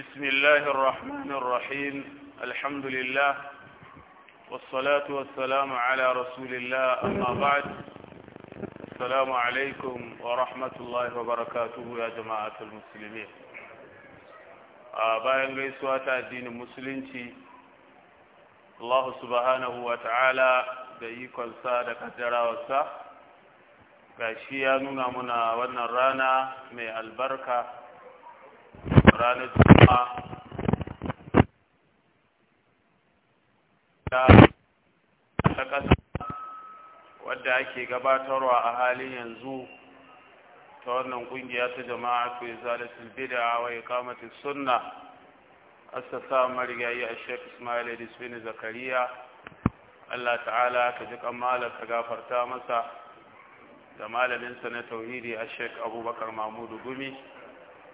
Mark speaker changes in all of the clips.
Speaker 1: بسم الله الرحمن الرحيم الحمد لله والصلاة والسلام على رسول الله أما بعد السلام عليكم ورحمة الله وبركاته يا جماعة المسلمين bayan gaisuwa ta addinin musulunci Allah subhanahu wa ta'ala da ikonsa da kaddarawarsa gashi ya nuna mana wannan rana mai albarka wadda ake gabatarwa a halin yanzu ta wannan ƙungiya ta jama'a fi zalatul bid'a wa iqamati sunna assasa marigayi a shek Ismail Idris Zakariya Allah ta'ala ka ji kamalar ka gafarta masa da malaminsa na tauhidi a shek Abubakar Mahmudu Gumi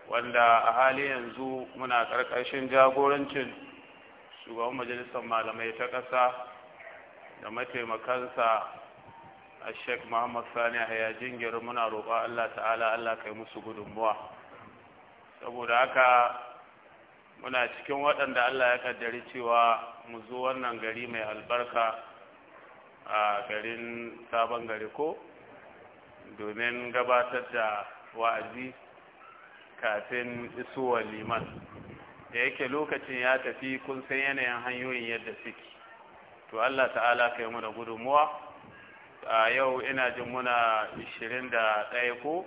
Speaker 1: wanda a hali yanzu muna ƙarƙashin jagorancin shugaban majalisar malamai ta ƙasa da mataimakansa a sheik muhammad sani a haya jingiyar muna roƙa allah ta'ala allah kai musu gudunmuwa saboda haka muna cikin waɗanda allah ya kaddari cewa mu zo wannan gari mai albarka a garin sabon gari ko domin gabatar da wa'azi kafin isuwar liman da yake lokacin ya tafi kun san yanayin hanyoyin yadda suke to Allah ta'ala Kai yi muna gudunmuwa a yau ina jin muna 21 ko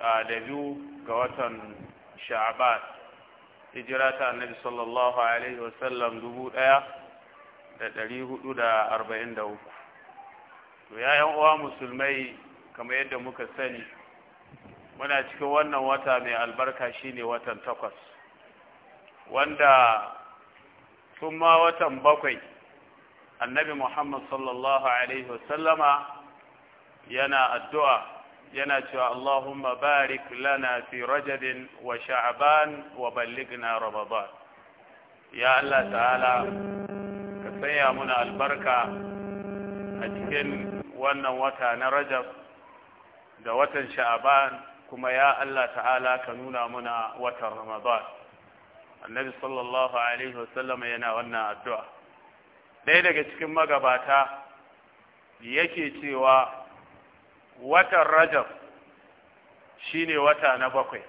Speaker 1: a da biyu ga watan sha'abat hijira ta annabi sallallahu alaihi wasallam uku. to yayan uwa musulmai kamar yadda muka sani muna cikin wannan wata mai albarka shine watan takwas wanda tun ma watan bakwai annabi muhammad sallallahu alaihi wasallama yana addu'a yana cewa allahumma barik lana fi rajabin wa sha'ban wa balligna ramadan ya allah ta'ala ka saya muna albarka a cikin wannan wata na rajab da watan sha'ban kuma ya Allah ta'ala ka nuna muna watan Ramadan annabi sallallahu alaihi wasallam yana wannan addu'a ɗaya daga cikin magabata yake cewa watan Rajab shine wata na bakwai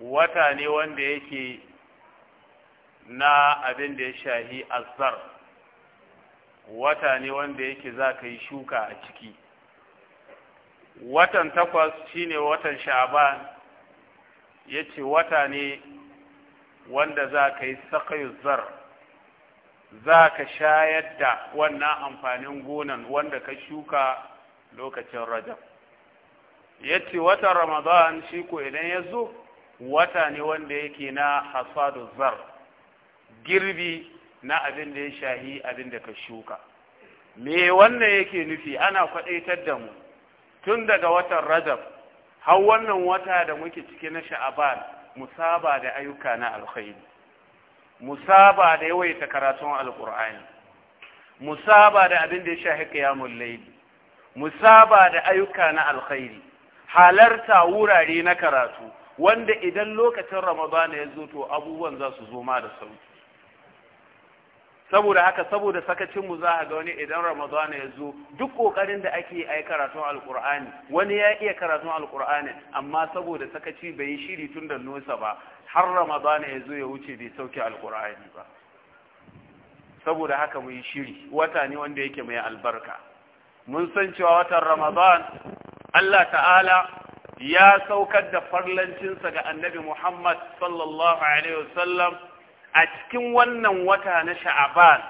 Speaker 1: wata ne wanda yake na abin da ya shahi azzar wata ne wanda yake za ka yi shuka a ciki watan takwas shine watan sha'ban ya ce wata ne wanda za ka yi sakayu zar za ka shayar da wannan amfanin gonan wanda ka shuka lokacin rajab yace watan ramadan shi ko idan ya zo wata ne wanda yake na hasadu zar girbi na abin da ya shahi abin da ka shuka me wannan yake nufi ana kwaɗaitar da mu tun daga watan rajab har wannan wata da muke cike na sha'aban musaba da ayyuka na alkhairi musaba da yawaita karatun alkur'ani musaba da abin da ya shahi qiyamul mu musaba da ayyuka na alkhairi halarta wurare na karatu wanda idan lokacin ramadan ya zo to abubuwan za su zo ma da sauki saboda haka saboda sakacin mu za a ga wani idan ramadana ya zo duk ƙoƙarin da ake ai karatun alƙur'ani wani ya iya karatun alƙur'ani amma saboda sakaci bai yi shiri tun da nosa ba har ramadana ya zo ya wuce bai sauke alƙur'ani ba saboda haka mu yi shiri wata ne wanda yake mai albarka mun san cewa watan ramadan Allah ta'ala ya saukar da farlancinsa ga annabi Muhammad sallallahu alaihi wasallam a cikin wannan wata na sha'aban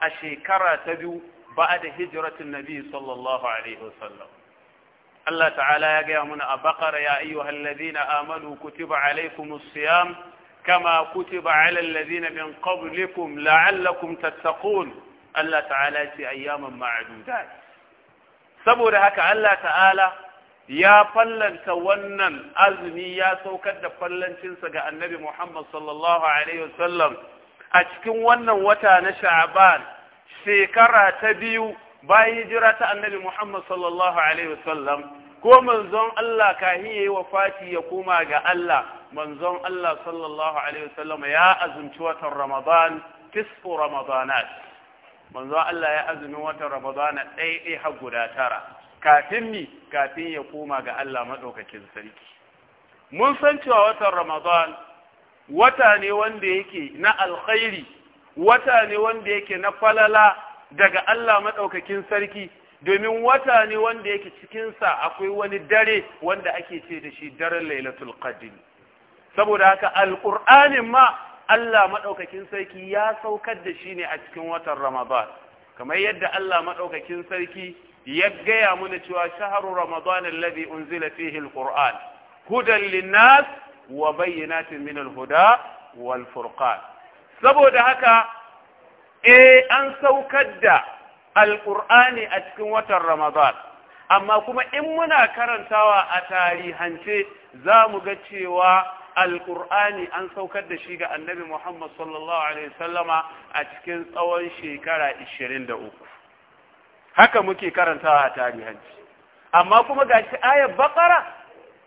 Speaker 1: a shekara ta biyu ba da hijiratin nabi sallallahu alaihi wasallam Allah ta'ala ya gaya mana a bakara ya ayyuhal ladina amanu kutiba alaikumus siyam kama كما كتب على الذين من la'allakum لعلكم Allah ta'ala تعالى في أياما معدودات saboda haka Allah ta'ala ya fallanta wannan azumi ya saukar da fallancinsa ga annabi Muhammad sallallahu Alaihi wasallam a cikin wannan wata na shaban. shekara ta biyu bayan jira ta annabi Muhammad sallallahu Alaihi wasallam ko manzon Allah kahin ya yi wa fati ya koma ga Allah manzon Allah sallallahu Alaihi wasallam ya azumci watan Ramadan tisfu Ramadanat manzon Allah ya azumi watan Ramadan ɗaiɗai har guda tara kafin ni kafin ya koma ga Allah maɗaukakin sarki mun san cewa watan ramadan wata ne wanda yake na alkhairi wata ne wanda yake na falala daga Allah maɗaukakin sarki domin wata ne wanda yake cikinsa akwai wani dare wanda ake ce da shi daren lailatul qadr saboda haka alƙur'anin ma Allah madaukakin sarki ya saukar da shi ne a cikin watan Ramadan kamar yadda Allah maɗaukakin sarki ya gaya mana cewa shaharu ramadan alladhi unzila fihi alquran hudan linnas wa bayyinatin min alhuda wal furqan saboda haka eh an saukar da alqur'ani a cikin watan ramadan amma kuma in muna karantawa a tarihance za mu ga cewa alƙur'ani an saukar da shi ga annabi muhammad sallallahu alaihi sallama a cikin tsawon shekara 23 haka muke karantawa a tarihanci amma kuma gashi ayar bakara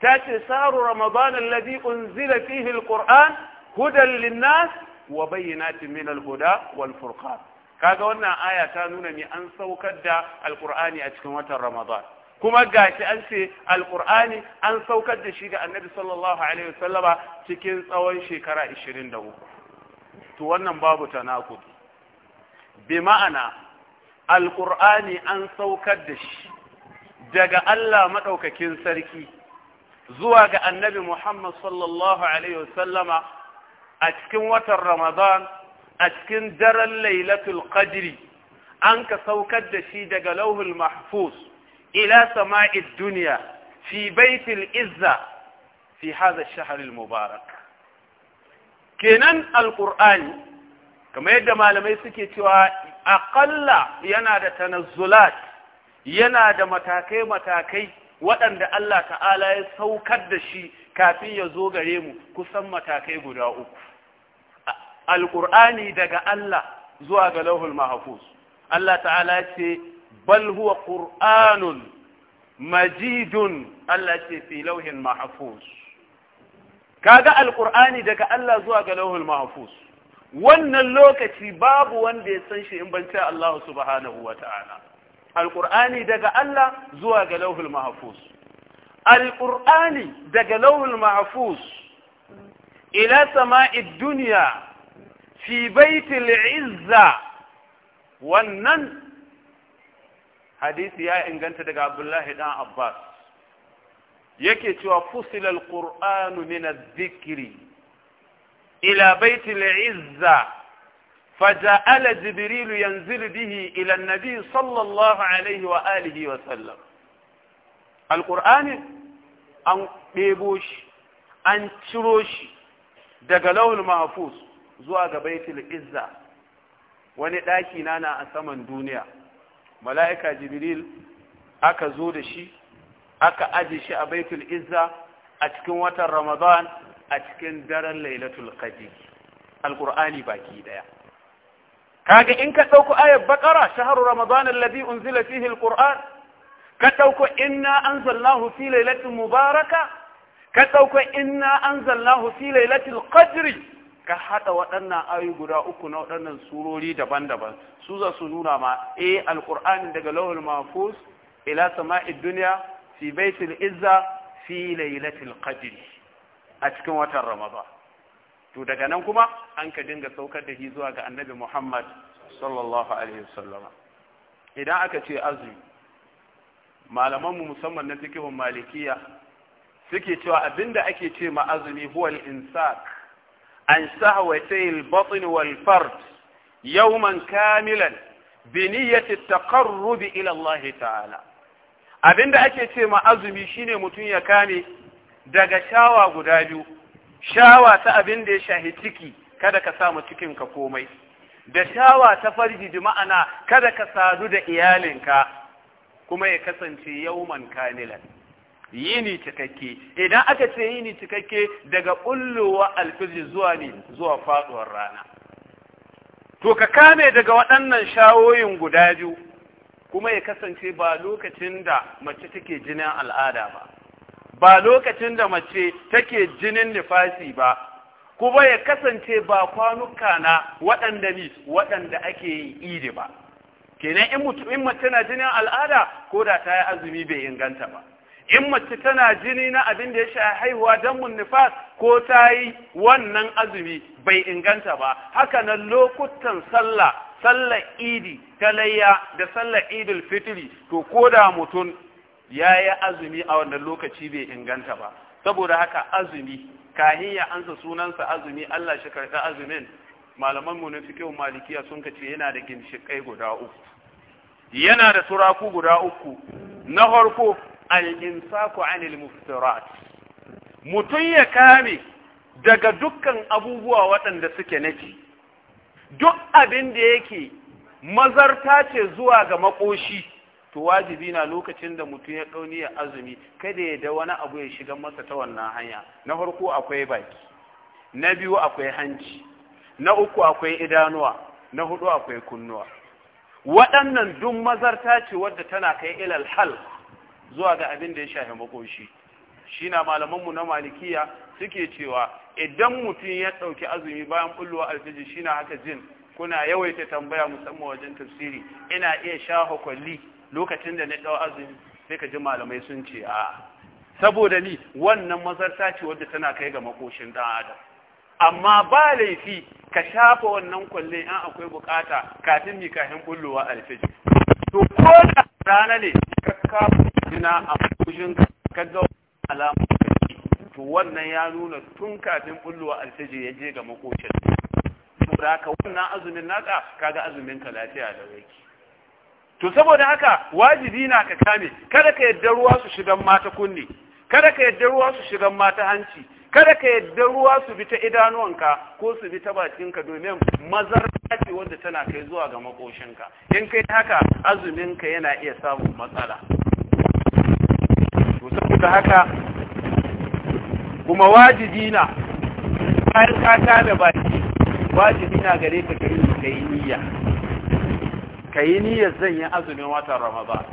Speaker 1: ta ce saru ramadan alladhi unzila fihi alquran hudan linnas wa bayyinatin min alhuda wal furqan kaga wannan aya ta nuna ne an saukar da alqur'ani a cikin watan ramadan kuma gashi an ce alqur'ani an saukar da shi ga annabi sallallahu alaihi wasallama cikin tsawon shekara 23 to wannan babu tanakudi bi ma'ana alƙur'ani an saukar da shi daga Allah maɗaukakin sarki zuwa ga annabi Muhammad sallallahu Alaihi wasallama a cikin watan Ramadan a cikin daren lailatul qadri an ka saukar da shi daga lauhul mahfuz ila sama'id duniya fi baitul izza fi hadha ash-shahr al-mubarak kenan alqur'ani kamar yadda malamai suke cewa aƙalla yana da tanazzulat yana da matakai-matakai waɗanda Allah ta'ala ya saukar da shi kafin ya zo gare mu kusan matakai guda uku alƙur'ani daga Allah zuwa ga lauhul mahafuz Allah ta'ala ce bal huwa ƙur'anun majidun Allah ce fi lauhin mahafuz kaga alƙur'ani daga Allah zuwa ga lauhul mahafuz wannan lokaci babu wanda ya san shi in ban ce Allah subhanahu wa ta'ala alqur'ani daga Allah zuwa ga lauhul mahfuz alqur'ani daga lauhul mahfuz ila sama'id dunya fi baitil izza wannan hadisi ya inganta daga Abdullahi dan Abbas yake cewa fusilal qur'anu min إلى بيت العزة فجعل جبريل ينزل به إلى النبي صلى الله عليه وآله وسلم القرآن أن بيبوش أن تروش دقلوه المحفوظ زواج بيت العزة ونتاكي نانا أسمن دنيا ملائكة جبريل أكا زودشي أكا أجيشي بيت العزة أتكون وطن رمضان a cikin daren lailatul Alƙur'ani alqur'ani baki daya kaga in ka dauko ayat baqara shahru ramadan alladhi unzila fihi alqur'an ka dauko inna anzalnahu fi lailatin mubaraka ka dauko inna anzalnahu fi lailatul qadr ka hada waɗannan ayu guda uku na waɗannan surori daban-daban su za su nuna ma eh alqur'ani daga lawhul mahfuz ila sama'id dunya fi baitil izza fi lailatul qadr a cikin watan ramadan to daga nan kuma an ka dinga saukar da shi zuwa ga annabi muhammad sallallahu alaihi wasallam idan aka ce azumi malamanmu musamman na fikihun malikiya suke cewa abinda ake ce ma azumi huwal insak an sahwatayil batn wal fard yawman kamilan bi niyyati taqarrub ila Allah ta'ala abinda ake ce ma azumi shine mutun ya kame daga shawa guda biyu shawa ta abin da ya shahi ciki kada ka samu cikin ka komai da shawa ta farji jima'ana, ma'ana kada ka sadu da iyalinka kuma ya kasance yauman kanilan yini cikakke idan aka ce yini cikakke daga bullowa alfijir zuwa ne zuwa faɗuwar rana to ka kame daga waɗannan shawoyin guda biyu kuma ya kasance ba lokacin da mace take jinin al'ada ba ba lokacin da mace take jinin nifasi ba kuma ya kasance ba kwanuka na waɗanda ni waɗanda ake yi idi ba kenan in mace na jinin al'ada ko da ta yi azumi bai inganta ba in mace tana jini na abin da ya sha haihuwa don munifas ko ta yi wannan azumi bai inganta ba haka nan lokutan sallah sallar idi ta layya da sallar Idil fitri to ko da mutum ya yi azumi a wannan lokaci bai inganta ba saboda haka azumi kahin ya ansa sunansa azumi Allah shi karɓi azumin malaman mu na fiqh malikiya sun kace yana da ginshikai guda uku yana da turaku guda uku na farko al ku anil muftirat mutun ya kame daga dukkan abubuwa waɗanda suke nake duk abin da yake mazarta ce zuwa ga makoshi to wajibi na lokacin da mutum ya ɗauni ya azumi kada ya da wani abu ya shiga masa ta wannan hanya na farko akwai baki na biyu akwai hanci na uku akwai idanuwa na hudu akwai kunnuwa waɗannan duk mazarta ce wadda tana kai ilal hal zuwa ga abin da ya shafi makoshi shi na malamanmu na malikiya suke cewa idan mutum ya ɗauki azumi bayan ɓullowa alfiji shi na haka jin kuna yawaita tambaya musamman wajen tafsiri ina iya sha kwalli lokacin da na ɗau azumi sai ka ji malamai sun ce a saboda ni wannan mazarta ce wadda tana kai ga makoshin ɗan adam amma ba laifi ka shafa wannan kwalle in akwai bukata kafin ni kafin bullowa alfiji to ko da rana ne ka kafa jina a makoshin ka ga alamun to wannan ya nuna tun kafin bullowa alfiji ya je ga makoshin saboda ka wannan azumin naka ga azumin ka lafiya da wake to saboda haka wajibi na ka kame kada ka yadda ruwa su shigan mata kunne kada ka yadda ruwa su shigan mata hanci kada ka yadda ruwa su bi ta idanuwanka ko su bi ta bakinka domin mazar ce wanda tana kai zuwa ga makoshinka in kai haka azuminka yana iya samun matsala to saboda haka kuma wajibi na bayan ka kame baki wajibi na gare ka kai niyya ka yi niyyar zan yi azumin watan ramadan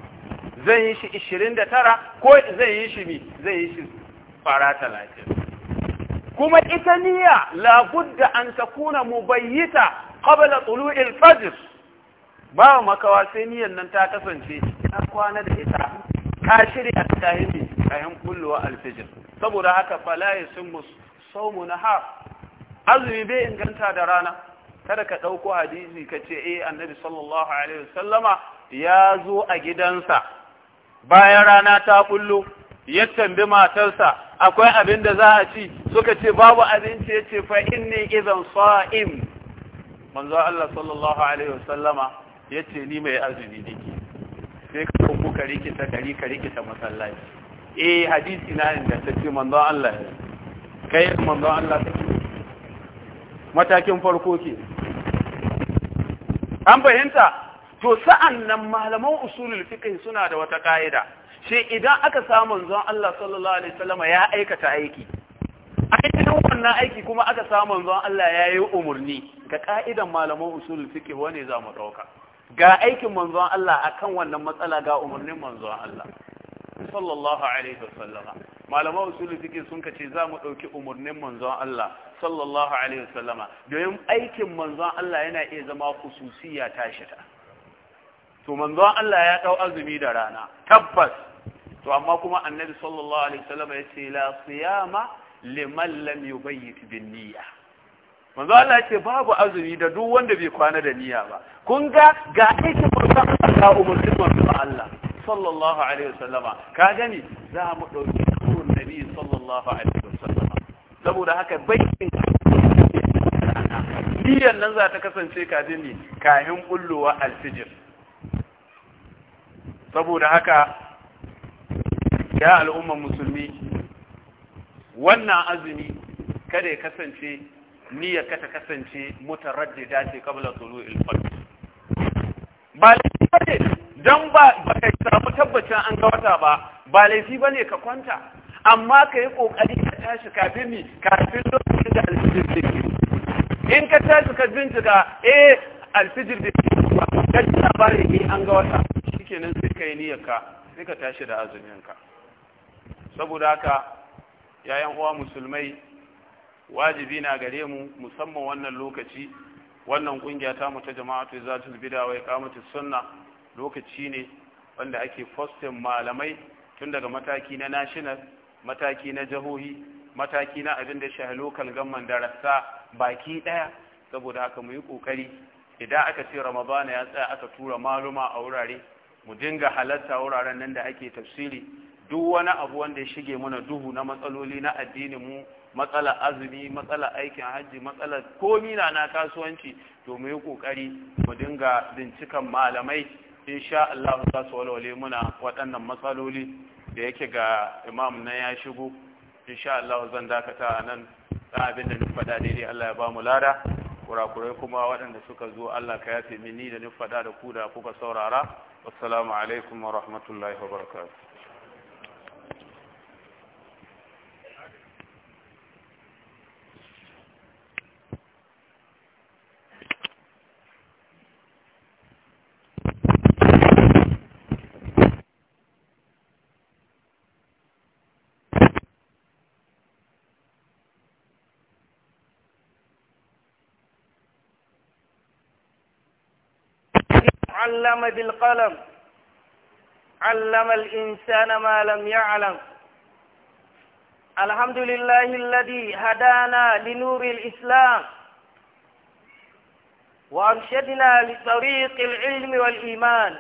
Speaker 1: zan yi shi 29 ko zan yi shi mi zan yi shi fara 30 kuma ita niyya labudda an takuna mubayyita qabla tulu'il fajr ba makawa sai niyyar nan ta kasance ta kwana da ita Ka shirya ta yi kayan kullowa alfijir saboda haka fala yasmu sawmun nahar azumi bai inganta da rana kada ka ɗauko hadisi ka ce eh annabi sallallahu alaihi wasallama ya zo a gidansa bayan rana ta bullo ya tambi matarsa akwai abin da za a ci suka ce babu abinci ya ce fa inni idan sa'im manzo Allah sallallahu alaihi wasallama ya ce ni mai azumi nake sai ka ku ka rikita ka rika rikita masallaci eh hadisi na inda ta ce manzo Allah kai manzo Allah take matakin farko ke an fahimta to sa'an nan malaman usulul fiqh suna da wata ka'ida shi idan aka samu manzon Allah sallallahu alaihi wasallama ya aikata aiki aikin wannan aiki kuma aka samu manzon Allah ya yi umurni ga ka'idan malaman usulul fiqh wane za mu dauka ga aikin manzon Allah akan wannan matsala ga umurnin manzon Allah sallallahu alaihi wasallama malaman usulu suke sun kace za mu ɗauki umarnin manzon Allah sallallahu alaihi wasallama domin aikin manzon Allah yana iya zama khususiya ta shita to manzon Allah ya dau azumi da rana tabbas to amma kuma annabi sallallahu alaihi wasallama ce la siyama liman lam yubayyit bin niyya manzo Allah ce babu azumi da duk wanda bai kwana da niyya ba kun ga ga aikin manzo Allah umarnin manzo Allah sallallahu alaihi wasallama ka gani za mu dauki nabi sallallahu alaihi wasallam saboda haka bayin niyan nan za ta kasance kafin ne kafin bullowa alfijir saboda haka ya al'ummar musulmi wannan azumi kada ya kasance niyya ka ta kasance mutaraddida ce kabla tulu'il fajr ba laifi dan ba ka samu tabbacin an ga wata ba ba laifi bane ka kwanta amma ka yi ƙoƙari ka tashi kafin ni kafin lokacin da alfijir da ke in ka tashi ka bincika a eh, alfijir da ke kuma ka ji labarin ne an ga wata shikenan sai ka yi niyyarka sai ka tashi da azuminka saboda haka yayan uwa musulmai wajibi na gare mu musamman wannan lokaci wannan kungiya ta mu ta jama'atu zatul bid'a wa iqamatu sunna lokaci ne wanda ake fostin malamai tun daga mataki na national mataki na jihohi mataki na abin da shahi lokal gamman da rassa baki daya saboda haka mu yi kokari idan aka ce ramadana ya tsaya aka tura maluma a wurare mu dinga halarta wuraren nan da ake tafsiri duk wani abu wanda ya shige mana duhu na matsaloli na addinin mu matsala azumi matsala aikin hajji matsala komi na na kasuwanci to mu yi kokari mu dinga bincikan malamai insha Allah za su walwale muna waɗannan matsaloli da yake ga imam na ya shigo insha Allah zan dakata a nan da abin da ni faɗa daidai Allah ya ba mu lada kurakurai kuma waɗanda suka zo Allah ka yafe mini da ni faɗa da ku da kuka saurara assalamu alaikum wa rahmatullahi wa barakatuh
Speaker 2: علم بالقلم علم الإنسان ما لم يعلم الحمد لله الذي هدانا لنور الإسلام وأرشدنا لطريق العلم والإيمان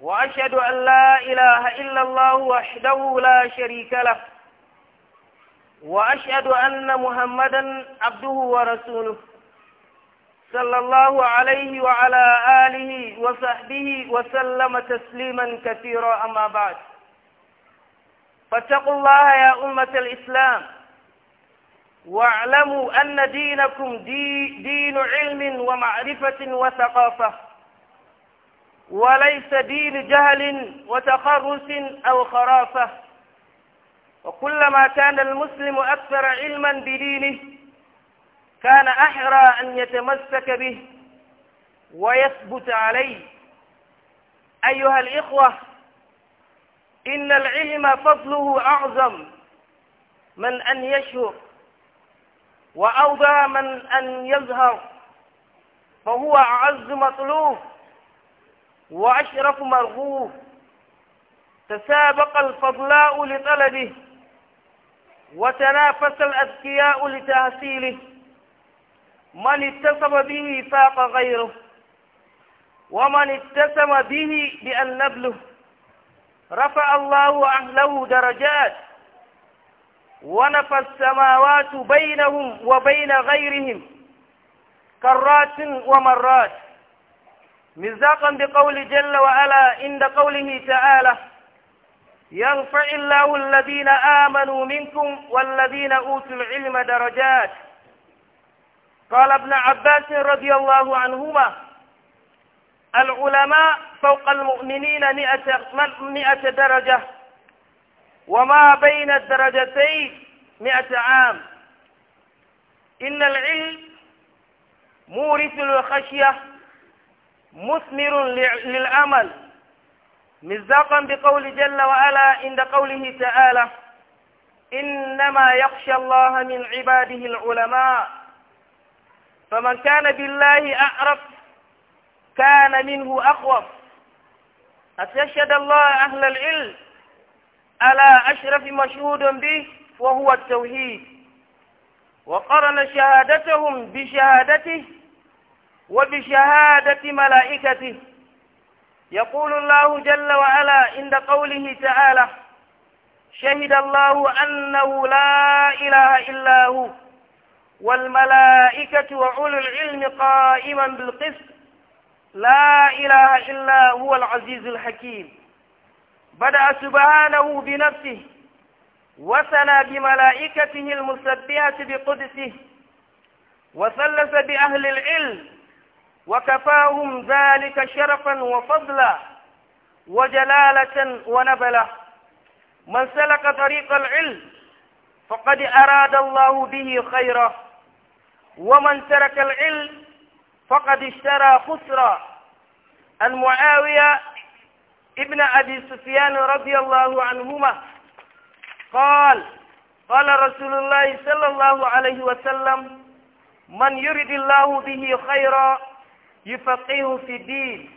Speaker 2: وأشهد أن لا إله إلا الله وحده لا شريك له وأشهد أن محمدا عبده ورسوله صلى الله عليه وعلى آله وصحبه وسلم تسليما كثيرا أما بعد فاتقوا الله يا أمة الإسلام واعلموا أن دينكم دي دين علم ومعرفة وثقافة وليس دين جهل وتخرس أو خرافة وكلما كان المسلم أكثر علما بدينه كان أحرى أن يتمسك به ويثبت عليه أيها الإخوة إن العلم فضله أعظم من أن يشهر وأوضى من أن يظهر فهو أعز مطلوب وأشرف مرغوب تسابق الفضلاء لطلبه وتنافس الأذكياء لتحصيله من اتسم به فاق غيره ومن اتسم به بأن نبله رفع الله أهله درجات ونفى السماوات بينهم وبين غيرهم كرات ومرات مزاقا بقول جل وعلا عند قوله تعالى يرفع الله الذين آمنوا منكم والذين أوتوا العلم درجات قال ابن عباس رضي الله عنهما العلماء فوق المؤمنين مئة, درجة وما بين الدرجتين مئة عام إن العلم مورث للخشية مثمر للعمل مصداقا بقول جل وعلا عند قوله تعالى إنما يخشى الله من عباده العلماء فمن كان بالله أعرف كان منه أخوف أتشهد الله أهل العلم على أشرف مشهود به وهو التوحيد وقرن شهادتهم بشهادته وبشهادة ملائكته يقول الله جل وعلا عند قوله تعالى شهد الله أنه لا إله إلا هو والملائكة وأولو العلم قائما بالقسط لا إله إلا هو العزيز الحكيم بدأ سبحانه بنفسه وثنى بملائكته المسبحة بقدسه وثلث بأهل العلم وكفاهم ذلك شرفا وفضلا وجلالة ونبلة من سلك طريق العلم فقد أراد الله به خيره ومن ترك العلم فقد اشترى خسرا عن معاوية ابن أبي سفيان رضي الله عنهما قال قال رسول الله صلى الله عليه وسلم من يرد الله به خيرا يفقهه في الدين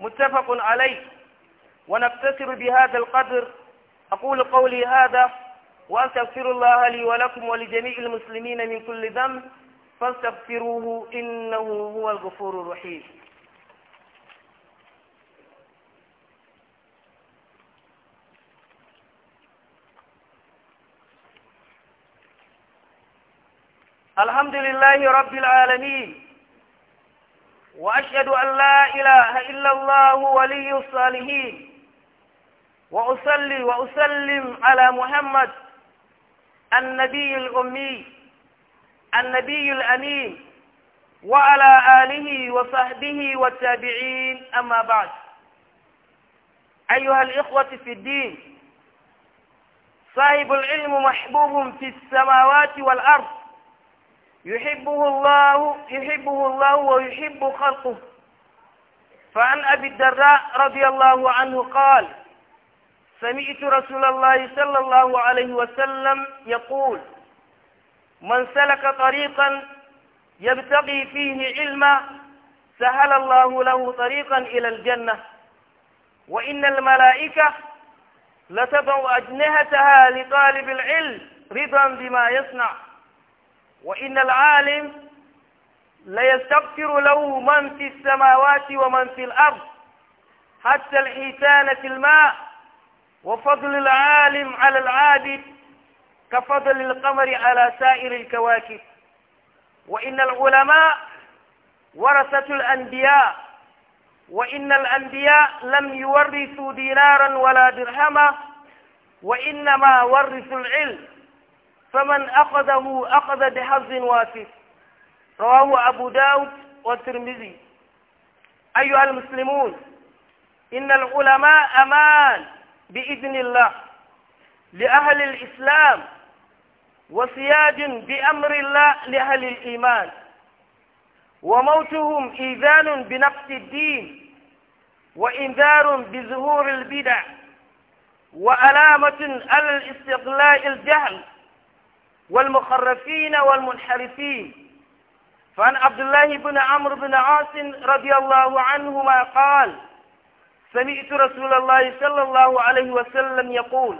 Speaker 2: متفق عليه ونقتصر بهذا القدر أقول قولي هذا وأستغفر الله لي ولكم ولجميع المسلمين من كل ذنب فاستغفروه إنه هو الغفور الرحيم الحمد لله رب العالمين وأشهد أن لا إله إلا الله ولي الصالحين وأصلي وأسلم على محمد النبي الأمي النبي الأمين وعلى آله وصحبه والتابعين أما بعد أيها الإخوة في الدين صاحب العلم محبوب في السماوات والأرض يحبه الله يحبه الله ويحب خلقه فعن أبي الدراء رضي الله عنه قال سمعت رسول الله صلى الله عليه وسلم يقول من سلك طريقا يبتغي فيه علما سهل الله له طريقا إلى الجنة وإن الملائكة لتضع أجنهتها لطالب العلم رضا بما يصنع وإن العالم ليستغفر له من في السماوات ومن في الأرض حتى الحيتان في الماء وفضل العالم على العابد كفضل القمر على سائر الكواكب وإن العلماء ورثة الأنبياء وإن الأنبياء لم يورثوا دينارا ولا درهما وإنما ورثوا العلم فمن أخذه أخذ بحظ وافر رواه أبو داود والترمذي أيها المسلمون إن العلماء أمان بإذن الله لأهل الإسلام وسياج بأمر الله لأهل الإيمان وموتهم إيذان بنقص الدين وإنذار بظهور البدع وألامة على الاستغلاء الجهل والمخرفين والمنحرفين فعن عبد الله بن عمرو بن عاص رضي الله عنهما قال سمعت رسول الله صلى الله عليه وسلم يقول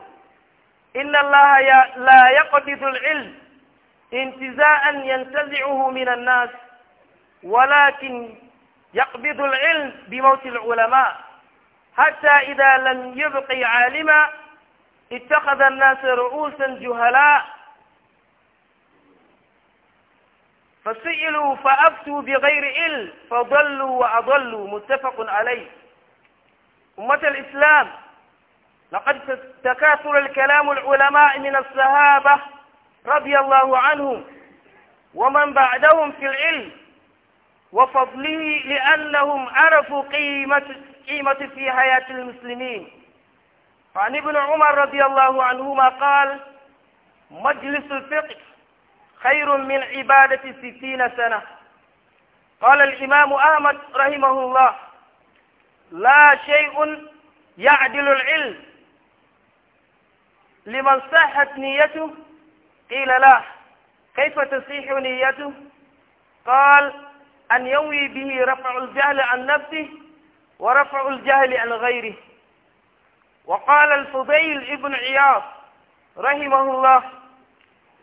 Speaker 2: إن الله لا يقبض العلم انتزاعا ينتزعه من الناس ولكن يقبض العلم بموت العلماء حتى إذا لم يبقي عالما اتخذ الناس رؤوسا جهلاء فسئلوا فأفتوا بغير علم فضلوا وأضلوا متفق عليه أمة الإسلام لقد تكاثر الكلام العلماء من الصحابة رضي الله عنهم ومن بعدهم في العلم وفضله لأنهم عرفوا قيمة, قيمة في حياة المسلمين عن ابن عمر رضي الله عنهما قال مجلس الفقه خير من عبادة ستين سنة قال الإمام أحمد رحمه الله لا شيء يعدل العلم لمن صحت نيته قيل لا كيف تصيح نيته قال أن يوي به رفع الجهل عن نفسه ورفع الجهل عن غيره وقال الفضيل ابن عياض رحمه الله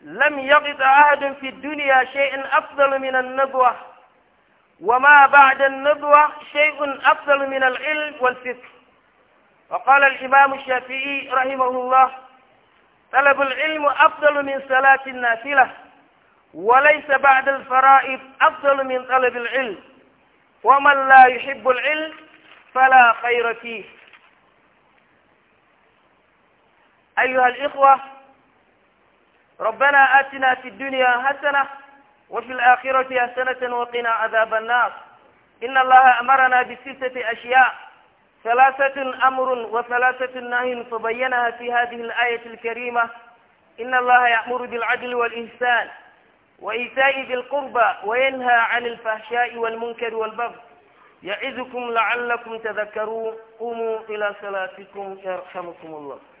Speaker 2: لم يقض أحد في الدنيا شيء أفضل من النبوة وما بعد النبوة شيء أفضل من العلم والفقه وقال الإمام الشافعي رحمه الله طلب العلم أفضل من صلاة النافلة وليس بعد الفرائض أفضل من طلب العلم ومن لا يحب العلم فلا خير فيه أيها الإخوة ربنا آتنا في الدنيا حسنة وفي الآخرة حسنة وقنا عذاب النار إن الله أمرنا بستة أشياء ثلاثة أمر وثلاثة نهي فبينها في هذه الآية الكريمة إن الله يأمر بالعدل والإحسان وإيتاء ذي القربى وينهى عن الفحشاء والمنكر والبغي يعظكم لعلكم
Speaker 1: تذكرون قوموا إلى صلاتكم يرحمكم الله